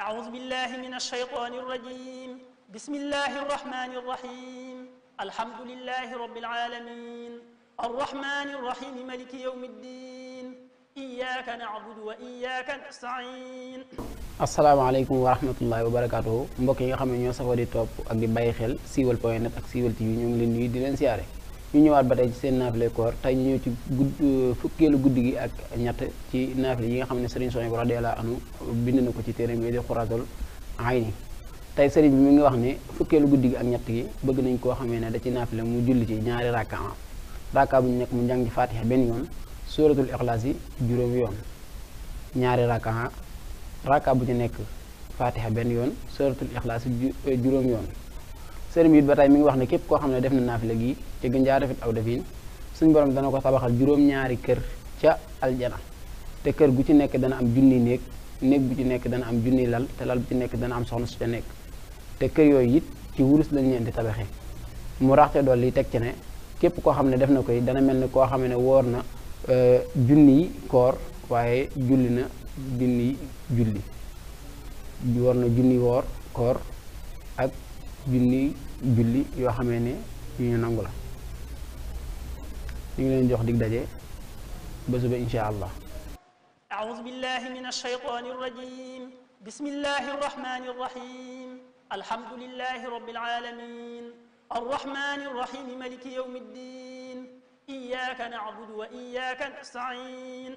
أعوذ بالله من الشيطان الرجيم بسم الله الرحمن الرحيم الحمد لله رب العالمين الرحمن الرحيم ملك يوم الدين إياك نعبد وإياك نستعين asalaamaaleykum wa rahmatullahi wa barakaatu mbokk yi nga xam ne ñoo safoo di topp ak di bàyyi xel siiwal point net ak siiwal TV ñu ngi leen nuyu di leen siyaare ñu ñëwaat ba tey ci seen naafile koor tey ñu ñëw ci gudd euh, fukkeelu guddi gi ak ñett ci naafile yi nga xam ne sëriñ Sonia bu radiyallahu anhu bind na ko ci téere mu di xuraatul ayni tey sëriñ mi ngi wax ne fukkeelu guddi gi ak ñett gi bëgg nañ koo xamee ne da ci naafile mu julli ci ñaari rakka rakka bu ñu nekk mu jàng ci faatiha benn yoon suratul ixlaas yi juróom yoon ñaari rakka bu ñu nekk faatiha benn yoon suratul ixlaas euh, yoon sëriñ bi ba tey mi ngi wax ne képp ko xam ne def na naafila gi te gën jaa rafet aw defin suñ borom dana ko tabaxal juróom-ñaari kër ca aljana te kër gu ci nekk dana am junni néeg néeg bu ci nekk dana am junni lal te lal bu ci nekk dana am soxna su ca nekk te kër yooyu it ci wurus lañ leen di tabaxee mu raxte dool li teg ci ne képp koo xam ne def na koy dana mel ne koo xam ne woor na euh, junni koor waaye julli na junni julli woor na junni woor koor ak junni julli yoo xamee ne yu ñu nangu la ñu ngi leen jox dig daje ba suba insha allah أعوذ بالله من الشيطان الرجيم بسم الله الرحمن الرحيم الحمد لله رب العالمين الرحمن الرحيم ملك يوم الدين إياك نعبد وإياك نستعين